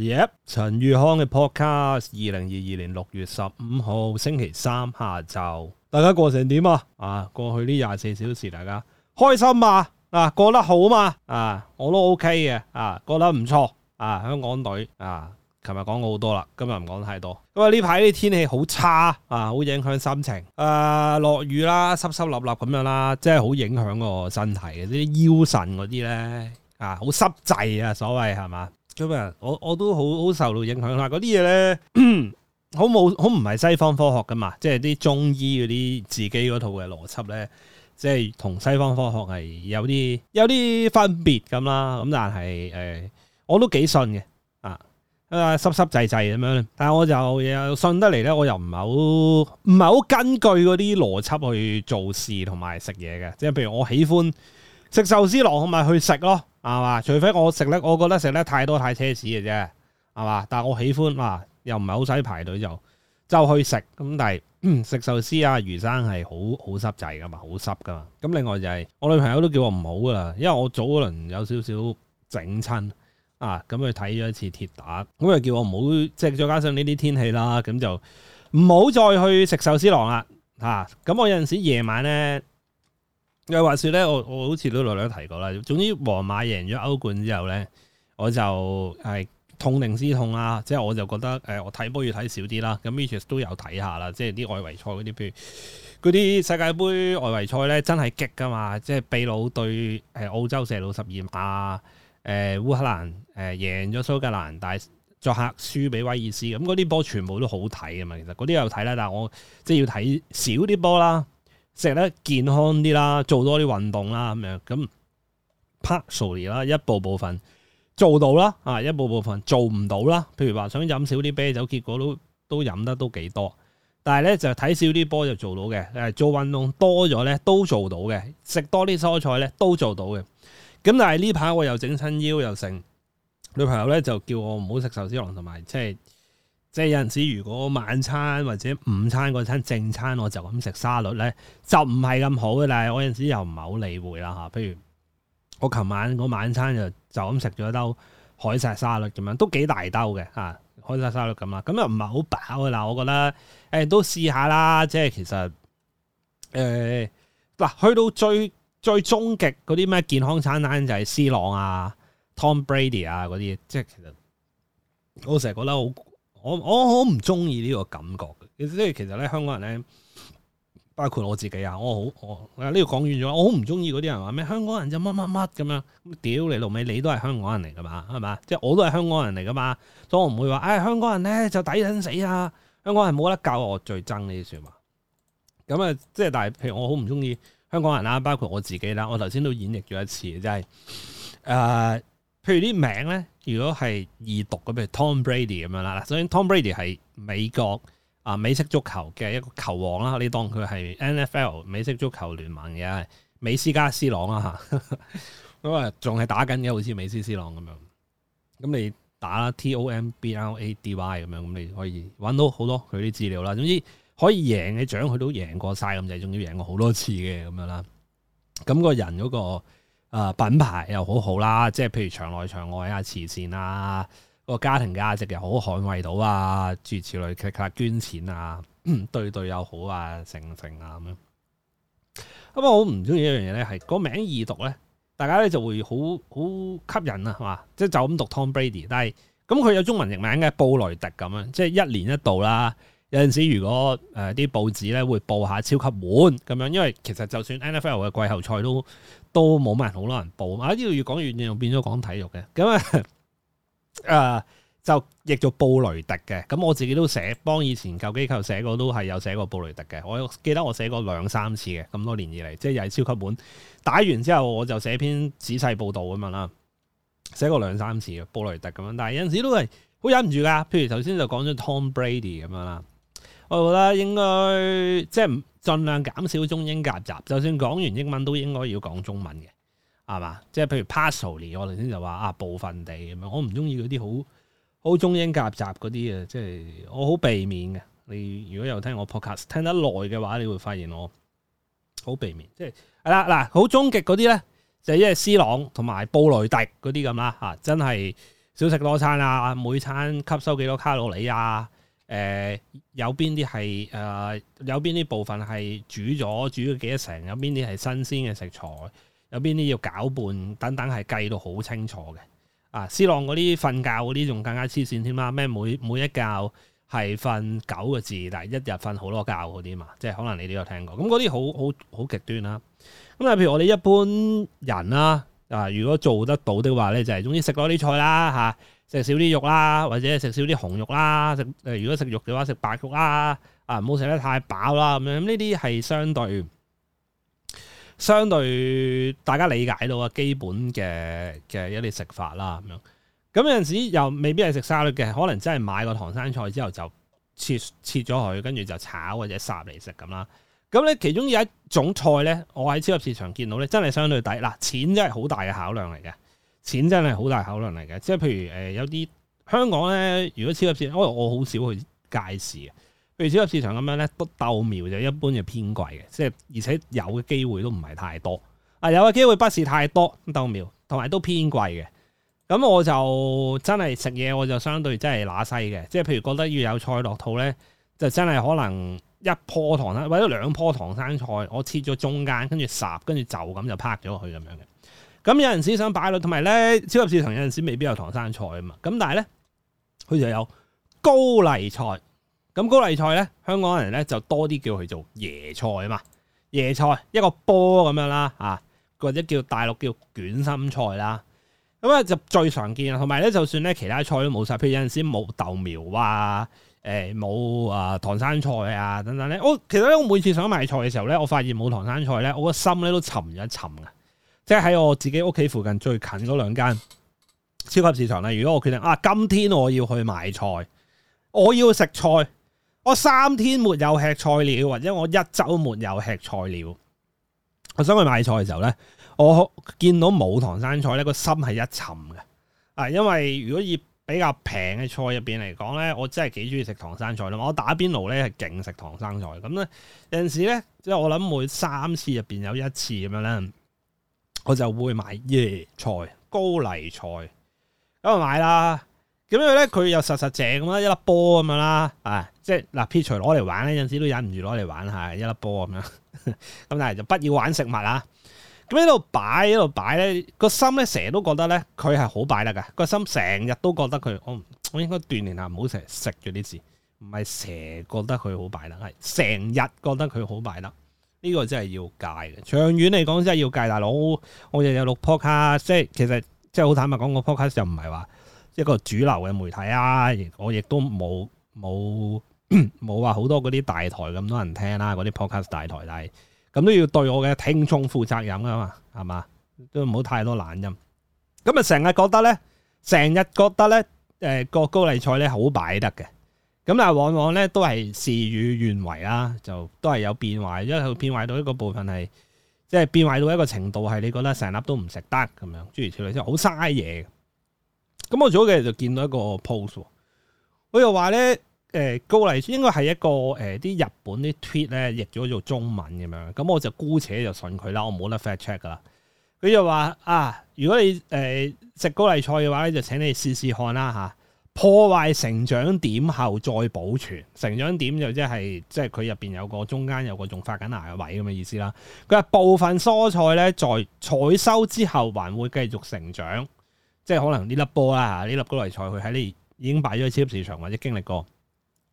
耶、yep！陳宇康嘅 podcast，二零二二年六月十五號星期三下晝，大家過成點啊？啊，過去呢廿四小時，大家開心嘛？啊，過得好嘛？啊，我都 OK 嘅，啊，過得唔錯。啊，香港隊啊，琴日講過好多啦，今日唔講太多。因為呢排啲天氣好差啊，好影響心情。啊，落雨啦，濕濕立立咁樣啦，即係好影響個身體嘅啲腰腎嗰啲咧，啊，好濕滯啊，所謂係嘛？咁啊！我我都好好受到影響啦。嗰啲嘢咧，好冇好唔係西方科學㗎嘛？即係啲中醫嗰啲自己嗰套嘅邏輯咧，即係同西方科學係有啲有啲分別咁啦。咁但係誒、呃，我都幾信嘅啊！啊濕濕滯滯咁樣，但係我就又信得嚟咧。我又唔係好唔係好根據嗰啲邏輯去做事同埋食嘢嘅。即係譬如我喜歡，食壽司郎我咪去食咯，係嘛？除非我食咧，我覺得食咧太多太奢侈嘅啫，係嘛？但係我喜歡啊，又唔係好使排隊就就去食咁。但係食、嗯、壽司啊魚生係好好濕滯噶嘛，好濕噶嘛。咁另外就係、是、我女朋友都叫我唔好噶啦，因為我早嗰輪有少少整親啊，咁去睇咗一次鐵打，咁又叫我唔好，即、就、係、是、再加上呢啲天氣啦，咁就唔好再去食壽司郎啦嚇。咁我有陣時夜晚咧。又話說咧，我我好似都略略提過啦。總之皇馬贏咗歐冠之後咧，我就係痛定思痛啊！即係我就覺得誒我睇波要睇少啲啦。咁其實都有睇下啦，即係啲外圍賽嗰啲，譬如嗰啲世界盃外圍賽咧，真係激噶嘛！即係秘魯對澳洲射老十二碼，誒烏克蘭誒贏咗蘇格蘭，但係作客輸俾威爾斯。咁嗰啲波全部都好睇啊嘛！其實嗰啲有睇啦，但係我即係要睇少啲波啦。食得健康啲啦，做多啲運動啦，咁樣咁 partially 啦，一部部分做到啦，啊一部部分做唔到啦。譬如話想飲少啲啤酒，結果都都飲得都幾多。但係咧就睇少啲波就做到嘅，誒做運動多咗咧都做到嘅，食多啲蔬菜咧都做到嘅。咁但係呢排我又整親腰又剩，女朋友咧就叫我唔好食壽司郎同埋即係。即係有陣時，如果晚餐或者午餐嗰餐正餐我，我就咁食沙律咧，就唔係咁好嘅。但我有陣時又唔係好理會啦吓。譬如我琴晚嗰晚餐就就咁食咗一兜海鮮沙律咁樣，都幾大兜嘅啊！海鮮沙律咁啦，咁又唔係好飽嘅啦。我覺得誒、欸、都試下啦，即係其實誒嗱、欸，去到最最終極嗰啲咩健康餐單就係、是、C 朗啊、Tom Brady 啊嗰啲，即係其實我成日覺得好。我我好唔中意呢個感覺嘅，即係其實咧，香港人咧，包括我自己啊，我好我呢度講完咗，我好唔中意嗰啲人話咩香港人就乜乜乜咁樣，屌你老味，你都係香港人嚟㗎嘛，係嘛？即係我都係香港人嚟㗎嘛，所以我唔會話唉、哎、香港人咧就抵撚死啊，香港人冇得救，我最憎呢啲説話。咁啊，即係但係譬如我好唔中意香港人啦，包括我自己啦，我頭先都演繹咗一次即係啊。譬如啲名咧，如果係易讀嘅，譬如 Tom Brady 咁樣啦。首先 Tom Brady 係美國啊美式足球嘅一個球王啦，你當佢係 NFL 美式足球聯盟嘅美斯加斯朗啦吓。咁啊，仲係打緊嘅，好似美斯斯，斯朗咁樣。咁你打 T O M B R A D Y 咁樣，咁你可以搵到好多佢啲資料啦。總之可以贏嘅獎，佢都贏過晒咁滯，仲要贏過好多次嘅咁樣啦。咁、個人嗰、個。啊品牌又好好啦，即係譬如場內場外啊，慈善啊，嗰個家庭價值又好，捍衞到啊，諸如此類，佢佢捐錢啊， 對對又好啊，成成啊咁樣。咁我唔中意一樣嘢咧，係個名易讀咧，大家咧就會好好吸引啊，係嘛？即係就咁、是、讀 Tom Brady，但係咁佢有中文譯名嘅布雷迪咁樣，即係一年一度啦。有陣時如果誒啲、呃、報紙咧會報下超級碗咁樣，因為其實就算 NFL 嘅季後賽都。都冇乜人，好多人報啊！呢度越講越又變咗講體育嘅咁啊，啊。就譯做布雷迪嘅咁，我自己都寫幫以前舊機構寫過，都係有寫過布雷迪嘅。我記得我寫過兩三次嘅咁多年以嚟，即係又係超級本打完之後，我就寫篇仔細報導咁樣啦，寫過兩三次嘅布雷迪咁樣，但係有陣時都係好忍唔住噶。譬如頭先就講咗 Tom Brady 咁樣啦。我覺得應該即係盡量減少中英夾雜，就算講完英文都應該要講中文嘅，係嘛？即係譬如 Pasoli 我頭先就話啊，部分地，我唔中意嗰啲好好中英夾雜嗰啲啊，即係我好避免嘅。你如果有聽我 podcast 聽得耐嘅話，你會發現我好避免，即係係啦嗱，好終極嗰啲咧，就係因為斯朗同埋布雷迪嗰啲咁啦嚇，真係少食多餐啊，每餐吸收幾多卡路里啊！誒、呃、有邊啲係誒有邊啲部分係煮咗煮咗幾多成？有邊啲係新鮮嘅食材？有邊啲要攪拌？等等係計到好清楚嘅啊！思朗嗰啲瞓覺嗰啲仲更加黐線添啦！咩每每一覺係瞓九個字，但係一日瞓好多覺嗰啲嘛，即係可能你都有聽過。咁嗰啲好好好極端啦。咁啊，譬如我哋一般人啦、啊，啊如果做得到的話咧，就係、是、總之食多啲菜啦、啊食少啲肉啦，或者食少啲紅肉啦，食誒如果食肉嘅話，食白肉啦，啊唔好食得太飽啦咁樣。咁呢啲係相對相對大家理解到嘅基本嘅嘅一啲食法啦咁樣。咁有陣時又未必係食沙律嘅，可能真係買個唐生菜之後就切切咗佢，跟住就炒或者烚嚟食咁啦。咁咧其中有一種菜咧，我喺超級市場見到咧，真係相對抵嗱，錢真係好大嘅考量嚟嘅。錢真係好大考量嚟嘅，即係譬如有啲香港咧，如果超級市場，因為我好少去街市嘅。譬如超級市場咁樣咧，豆苗就一般就偏貴嘅，即係而且有嘅機會都唔係太多。啊，有嘅機會不是太多豆苗，同埋都偏貴嘅。咁我就真係食嘢，我就相對真係揦西嘅。即係譬如覺得要有菜落肚咧，就真係可能一棵唐生，或者咗兩棵唐生菜，我切咗中間，跟住插，跟住就咁就拍咗佢咁樣嘅。咁有陣時想擺落，同埋咧超級市場有陣時未必有唐生菜啊嘛。咁但係咧，佢就有高麗菜。咁高麗菜咧，香港人咧就多啲叫佢做椰菜啊嘛。椰菜一個波咁樣啦、啊、或者叫大陸叫捲心菜啦。咁啊就最常見啦，同埋咧，就算咧其他菜都冇晒，譬如有陣時冇豆苗啊，冇、欸、啊唐生菜啊等等咧。我其實呢我每次想買菜嘅時候咧，我發現冇唐生菜咧，我個心咧都沉咗一沉即係喺我自己屋企附近最近嗰兩間超級市場啦。如果我決定啊，今天我要去買菜，我要食菜，我三天沒有吃菜了，或者我一周沒有吃菜了，我想去買菜嘅時候咧，我見到冇唐生菜咧，個心係一沉嘅。啊，因為如果以比較平嘅菜入邊嚟講咧，我真係幾中意食唐生菜啦。我打邊爐咧係勁食唐生菜。咁咧有陣時咧，即係我諗每三次入邊有一次咁樣咧。我就會買椰菜、高麗菜咁就買啦。咁樣咧，佢又實實淨咁啦，一粒波咁樣啦，啊！即係嗱，撇除攞嚟玩咧，有陣時都忍唔住攞嚟玩下，一粒波咁樣。咁 但係就不要玩食物啊！咁喺度擺，喺度擺咧，個心咧成日都覺得咧，佢係好擺得嘅。個心成日都覺得佢，我我應該鍛鍊下，唔好成日食咗啲字，唔係成日覺得佢好擺得，係成日覺得佢好擺得。呢、這個真係要戒嘅，長遠嚟講真係要戒。大佬，我日日錄 podcast 即係其實即係好坦白講，個 podcast 又唔係話一個主流嘅媒體啊。我亦都冇冇冇話好多嗰啲大台咁多人聽啦，嗰啲 podcast 大台，但係咁都要對我嘅聽眾負責任㗎嘛，係嘛？都唔好太多懶音。咁啊，成日覺得咧，成日覺得咧，誒、呃、個高麗菜咧好擺得嘅。咁但係往往咧都係事與願違啦，就都係有變壞，因為佢變壞到一個部分係，即係變壞到一個程度係，你覺得成粒都唔食得咁樣，諸如此類，即係好嘥嘢。咁我早幾日就見到一個 post，佢又話咧，高麗應該係一個啲、呃、日本啲 tweet 咧譯咗做中文咁樣，咁我就姑且就信佢啦，我冇得 fact check 噶。佢就話啊，如果你、呃、食高麗菜嘅話咧，就請你試試看啦嚇破壞成長點後再保存，成長點就即係即係佢入邊有個中間有個仲發緊芽嘅位咁嘅意思啦。佢話部分蔬菜咧，在採收之後還會繼續成長，即係可能呢粒波啦，呢粒高麗菜佢喺你已經擺咗喺超，超級市場，或者經歷過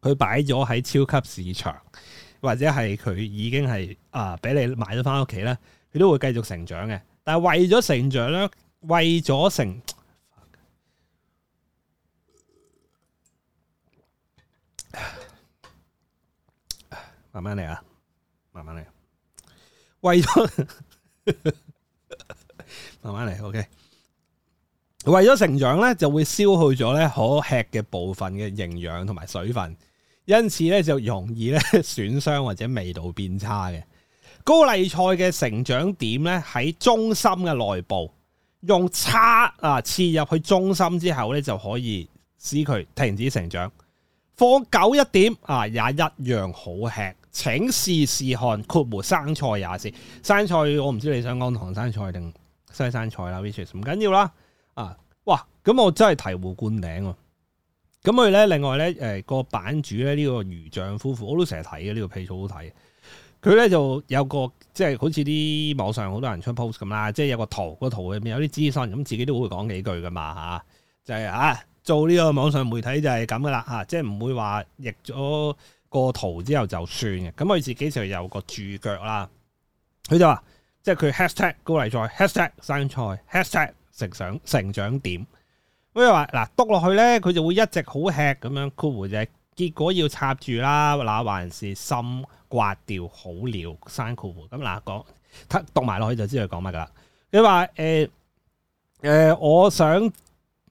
佢擺咗喺超級市場，或者係佢已經係啊俾你買咗翻屋企咧，佢都會繼續成長嘅。但係為咗成長咧，為咗成。慢慢嚟啊，慢慢嚟。為咗慢慢嚟，OK。為咗成長咧，就會消耗咗咧可吃嘅部分嘅營養同埋水分，因此咧就容易咧損傷或者味道變差嘅。高麗菜嘅成長點咧喺中心嘅內部，用叉啊刺入去中心之後咧就可以使佢停止成長。放久一點啊，也一樣好吃。請試試看，括弧生菜也是生菜。我唔知你想講唐生菜定西生菜啦，which is 唔緊要啦。啊，哇！咁我真係醍醐灌頂喎、啊。咁佢咧，另外咧，誒、呃、個版主咧，呢、這個魚醬夫婦，我都成日睇嘅，這個、很看呢個 P 圖好睇。佢咧就有個即係、就是、好似啲網上好多人出 post 咁啦，即、就、係、是、有個圖，個圖入面有啲資訊咁，自己都會講幾句噶嘛吓，就係、是、啊，做呢個網上媒體就係咁噶啦吓，即係唔會話譯咗。個圖之後就算嘅，咁佢自己有一腳就有個注腳啦。佢就話，即係佢 hashtag 高麗菜 hashtag 生菜 hashtag 成長成長點。咁佢話嗱，篤落去咧，佢就會一直好吃咁樣 cool 嘅，結果要插住啦，嗱還是心刮掉好了生 cool。咁嗱講，讀埋落去就知道佢講乜噶啦。佢話誒誒，我想。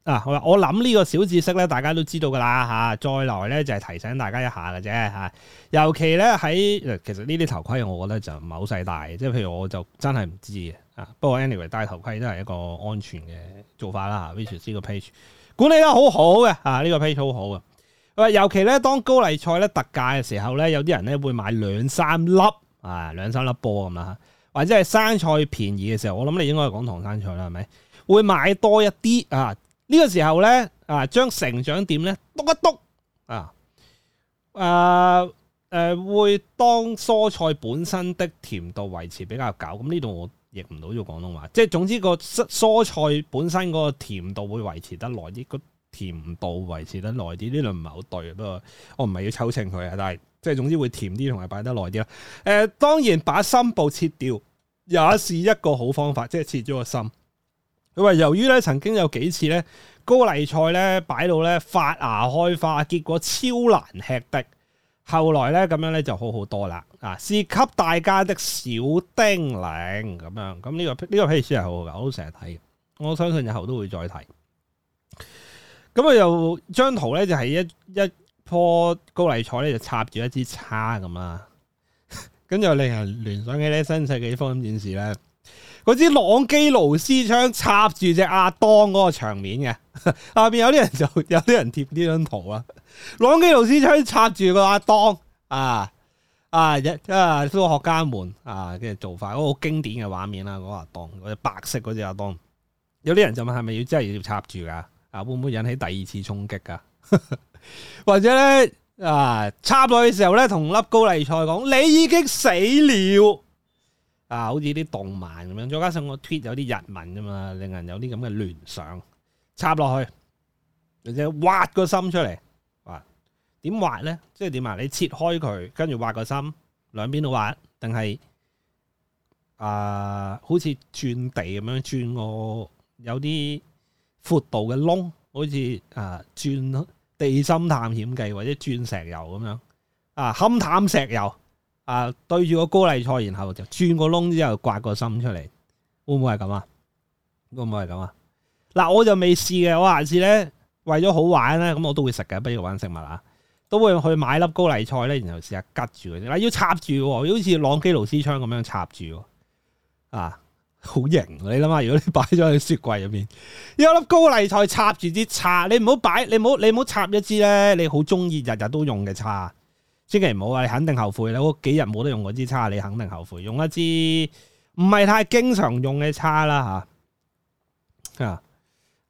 嗱、啊，我諗呢個小知識咧，大家都知道噶啦嚇。再來咧就係、是、提醒大家一下嘅啫嚇。尤其咧喺其實呢啲頭盔，我覺得就唔係好細大，即係譬如我就真係唔知嘅啊。不過 anyway 戴頭盔都係一個安全嘅做法啦。Richard C 個 page 管理得很好好嘅啊，呢、這個 page 好好嘅。喂、啊，尤其咧當高麗菜咧特價嘅時候咧，有啲人咧會買兩三粒啊，兩三粒波咁啦，或者係生菜便宜嘅時候，我諗你應該講唐生菜啦，係咪？會買多一啲啊？呢個時候咧，啊，將成長點咧篤一篤，啊，誒、啊，誒、呃，會當蔬菜本身的甜度維持比較久。咁呢度我譯唔到做廣東話，即係總之個蔬菜本身嗰個甜度會維持得耐啲，個甜度維持得耐啲。呢度唔係好對，不過我唔係要抽秤佢啊。但係即係總之會甜啲，同埋擺得耐啲啦。誒，當然把心部切掉也是一個好方法，即係切咗個心。因為由於咧，曾經有幾次咧，高麗菜咧擺到咧發芽開花，結果超難吃的。後來咧，咁樣咧就好好多啦。啊，是給大家的小叮嚀咁樣、這個。咁、這、呢個呢個故事係好好噶，我都成日睇，我相信日後都會再睇。咁啊，又張圖咧就係一一棵高麗菜咧就插住一支叉咁啦，跟住又令人聯想起咧新世紀《福音戰士咧。嗰支朗基奴斯槍插住隻阿當嗰個場面嘅，下邊有啲人就有啲人貼呢張圖啦。朗基奴斯槍插住、啊啊啊啊那個那個阿當啊啊，科學家們啊，跟住做法嗰個好經典嘅畫面啦，個阿當隻白色嗰隻阿當，有啲人就問係咪要真係要插住噶？啊，會唔會引起第二次衝擊噶？或者咧啊，插落去嘅時候咧，同粒高麗菜講：你已經死了。啊，好似啲動漫咁樣，再加上我 tweet 有啲日文啫嘛，令人有啲咁嘅聯想，插落去，或者挖個心出嚟，啊，點挖咧？即係點啊？你切開佢，跟住挖個心，兩邊都挖，定係啊？好似鑽地咁樣，鑽個有啲闊度嘅窿，好似啊鑽地心探險記或者鑽石油咁樣，啊勘探石油。啊！對住個高麗菜，然後就轉個窿，之後刮個心出嚟，會唔會係咁啊？會唔會係咁啊？嗱、啊，我就未試嘅，我下次咧為咗好玩咧，咁、嗯、我都會食嘅，不如玩食物啦、啊，都會去買粒高麗菜咧，然後試下吉住嗱，要插住，好似朗基奴斯槍咁樣插住，啊，好型！你諗下，如果你擺咗喺雪櫃入面，有粒高麗菜插住支叉，你唔好擺，你唔好你唔好插一支咧，你好中意日日都用嘅叉。千祈唔好啊！你肯定後悔，你我幾日冇得用嗰支叉，你肯定後悔。用一支唔係太經常用嘅叉啦，吓啊，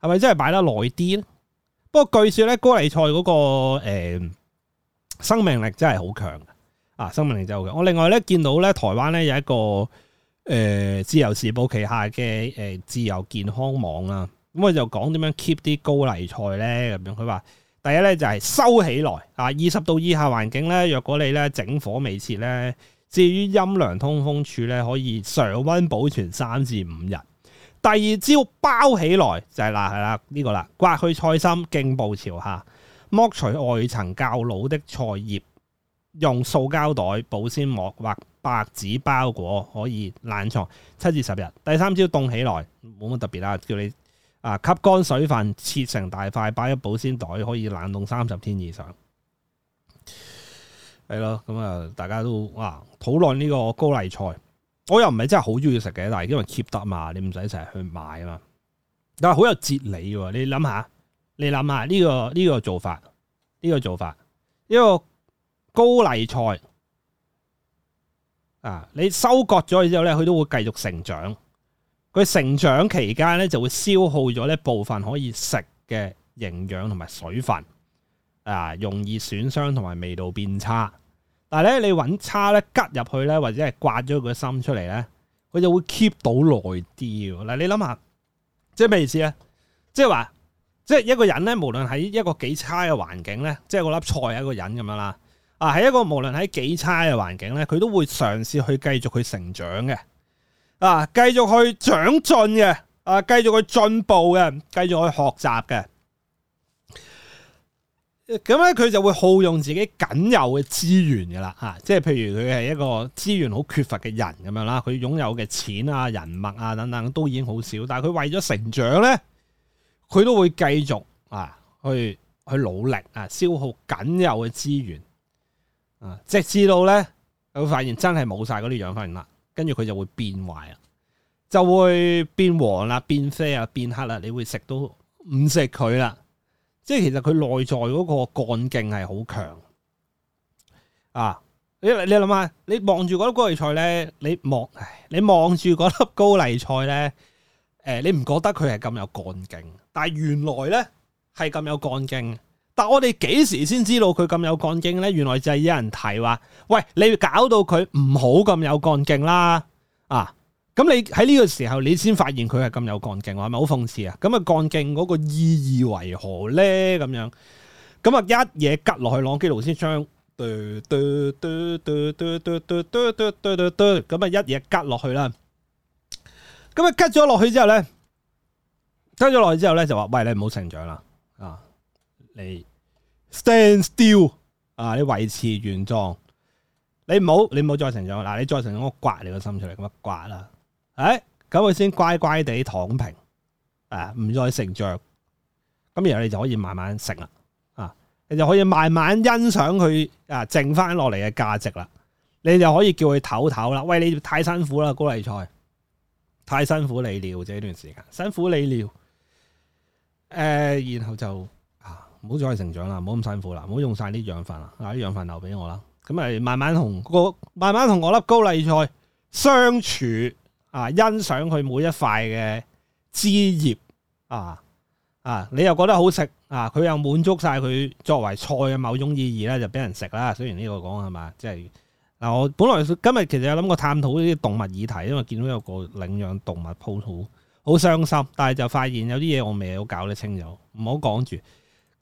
係咪真係擺得耐啲咧？不過據說咧高麗菜嗰個誒、呃、生命力真係好強啊！生命力真係好強。我另外咧見到咧台灣咧有一個誒、呃、自由時報旗下嘅誒、呃、自由健康網啦，咁我就講點樣 keep 啲高麗菜咧咁樣。佢話。第一咧就係收起來啊，二十度以下環境咧，若果你咧整火未切咧，至於陰涼通風處咧，可以常溫保存三至五日。第二招包起來就係啦係啦呢個啦，刮去菜心，莖部朝下，剝除外層較老的菜葉，用塑膠袋、保鮮膜或白紙包裹，可以冷藏七至十日。第三招凍起來冇乜特別啦，叫你。啊！吸乾水分，切成大塊，擺喺保鮮袋，可以冷凍三十天以上。係咯，咁啊，大家都啊，討論呢個高麗菜，我又唔係真係好中意食嘅，但係因為 keep 得嘛，你唔使成日去買啊嘛。但係好有哲理嘅，你諗下，你諗下呢個呢個做法，呢個做法呢個高麗菜啊，你收割咗之後咧，佢都會繼續成長。佢成長期間咧，就會消耗咗呢部分可以食嘅營養同埋水分，啊，容易損傷同埋味道變差。但係咧，你揾叉咧吉入去咧，或者係刮咗佢個心出嚟咧，佢就會 keep 到耐啲。嗱，你諗下，即係咩意思呀？即係話，即係一個人咧，無論喺一個幾差嘅環境咧，即係個粒菜一個人咁樣啦，啊，喺一個無論喺幾差嘅環境咧，佢都會嘗試去繼續去成長嘅。啊，繼續去長進嘅，啊，繼續去進步嘅，繼續去學習嘅，咁咧佢就會耗用自己僅有嘅資源噶啦，吓、啊，即係譬如佢係一個資源好缺乏嘅人咁樣啦，佢擁有嘅錢啊、人脈啊等等都已經好少，但係佢為咗成長咧，佢都會繼續啊去去努力啊，消耗僅有嘅資源啊，直至到咧佢會發現真係冇晒嗰啲養分啦。跟住佢就會變壞，就會變黃啦、變啡啊、變黑啦，你會食都唔食佢啦。即係其實佢內在嗰個幹勁係好強啊！你你諗下，你望住嗰粒高麗菜咧，你望你望住嗰粒高麗菜咧，誒，你唔覺得佢係咁有幹勁？但係原來咧係咁有幹勁。但我哋幾時先知道佢咁有幹勁咧？原來就係有人提話，喂，你搞到佢唔好咁有幹勁啦，啊，咁你喺呢個時候你先發現佢係咁有幹勁，係咪好諷刺啊？咁啊，幹勁嗰個意義為何咧？咁樣，咁啊，一嘢吉落去，朗基奴斯槍，咁啊，一嘢吉落去啦，咁啊，吉咗落去之後咧，吉咗落去之後咧就話，喂，你唔好成長啦。你 stand still 啊！你維持原狀，你唔好你唔好再成長嗱、啊，你再成長我刮你個心出嚟咁一刮啦，誒咁佢先乖乖地躺平，誒、啊、唔再成長，咁、啊、然後你就可以慢慢食啦，啊你就可以慢慢欣賞佢啊剩翻落嚟嘅價值啦，你就可以叫佢唞唞啦，喂你太辛苦啦高麗菜，太辛苦你了呢段時間辛苦你了，誒、啊、然後就。唔好再成長啦，唔好咁辛苦啦，唔好用晒啲養分啦，啊啲養分留俾我啦，咁咪慢慢同個慢慢同我粒高麗菜相處啊，欣賞佢每一塊嘅枝葉啊啊，你又覺得好食啊，佢又滿足晒佢作為菜嘅某種意義咧，就俾人食啦。雖然呢個講係嘛，即係嗱，我本來今日其實有諗過探討呢啲動物議題，因為見到有個領養動物鋪好，好傷心，但係就發現有啲嘢我未有搞得清楚，唔好講住。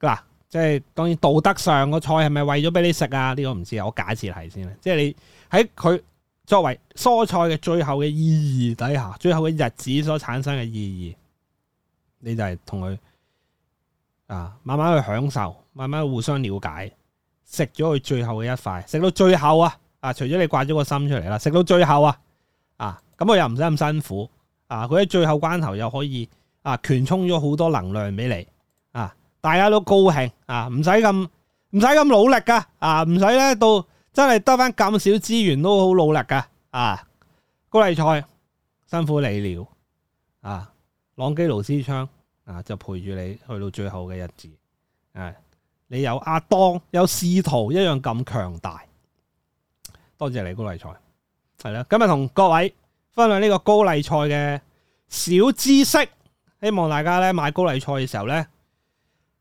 嗱、啊，即係當然道德上個菜係咪為咗俾你食啊？呢、這個唔知，我假設係先啦。即係你喺佢作為蔬菜嘅最後嘅意義底下，最後嘅日子所產生嘅意義，你就係同佢啊，慢慢去享受，慢慢去互相了解，食咗佢最後嘅一塊，食到最後啊啊，除咗你掛咗個心出嚟啦，食到最後啊啊，咁我又唔使咁辛苦啊，佢喺最後關頭又可以啊，全充咗好多能量俾你啊。大家都高興啊，唔使咁唔使咁努力噶啊，唔使咧到真係得翻咁少資源都好努力噶啊！高麗菜辛苦你了啊，朗基奴斯槍啊就陪住你去到最後嘅日子啊，你有阿當有使徒一樣咁強大，多謝你高麗菜係啦，今日同各位分享呢個高麗菜嘅小知識，希望大家咧買高麗菜嘅時候咧。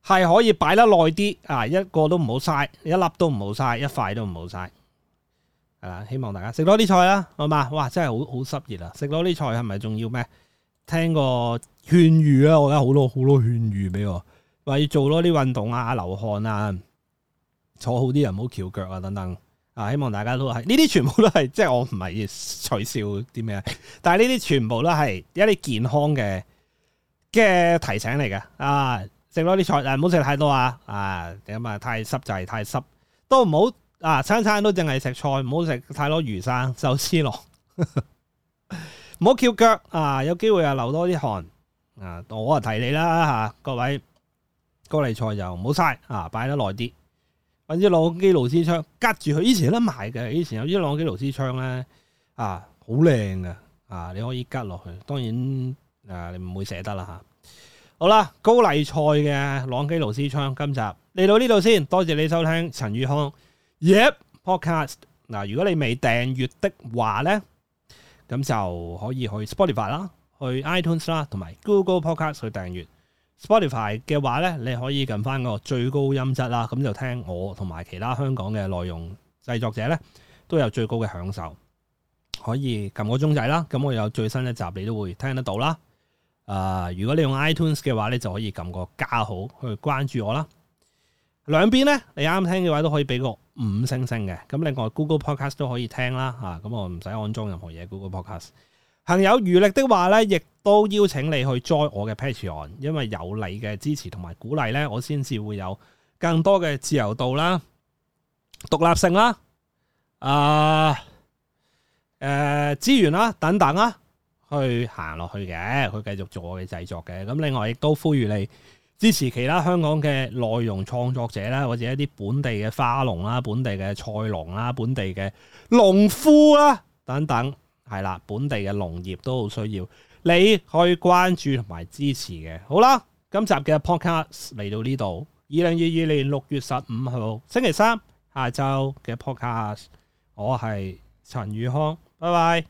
係可以擺得耐啲啊！一個都唔好嘥，一粒都唔好嘥，一塊都唔好嘥，係啦！希望大家食多啲菜啦，好嘛？哇！真係好好濕熱啊！食多啲菜係咪仲要咩？聽個勸喻啊，我而家好多好多勸喻俾我，話要做多啲運動啊、流汗啊、坐好啲人唔好翹腳啊等等啊！希望大家都係呢啲，全部都係即係我唔係要取笑啲咩？但係呢啲全部都係一啲健康嘅嘅提醒嚟嘅啊！食多啲菜，但唔好食太多啊！啊，咁啊太濕就係太濕，都唔好啊餐餐都淨係食菜，唔好食太多魚生、壽司咯。唔好翹腳啊！有機會啊流多啲汗啊！我啊提你啦吓、啊，各位高麗菜就唔好嘥啊，擺得耐啲。或者朗基奴斯槍夾住佢，以前都賣嘅，以前有啲朗基奴斯槍咧啊，好靚嘅啊，你可以夾落去。當然啊，你唔會捨得啦吓。啊好啦，高麗菜嘅朗基奴斯槍今集嚟到呢度先，多謝你收聽陳宇康 yep podcast。嗱，如果你未訂閱的話呢，咁就可以去 Spotify 啦，去 iTunes 啦，同埋 Google Podcast 去訂閱。Spotify 嘅話呢，你可以撳翻個最高音質啦，咁就聽我同埋其他香港嘅內容製作者呢，都有最高嘅享受。可以撳個鐘仔啦，咁我有最新一集你都會聽得到啦。啊、呃！如果你用 iTunes 嘅話，咧就可以撳個加號去關注我啦。兩邊咧，你啱聽嘅話都可以俾個五星星嘅。咁另外 Google Podcast 都可以聽啦。吓、啊，咁我唔使安裝任何嘢。Google Podcast，行有餘力的話咧，亦都邀請你去 join 我嘅 Patreon，因為有你嘅支持同埋鼓勵咧，我先至會有更多嘅自由度啦、獨立性啦、啊、呃、誒、呃、資源啦等等啦。去行落去嘅，去繼續做我嘅製作嘅。咁另外亦都呼籲你支持其他香港嘅內容創作者啦，或者一啲本地嘅花農啦、本地嘅菜農啦、本地嘅農夫啦等等，係啦，本地嘅農業都好需要你去關注同埋支持嘅。好啦，今集嘅 podcast 嚟到呢度，二零二二年六月十五號星期三下晝嘅 podcast，我係陳宇康，拜拜。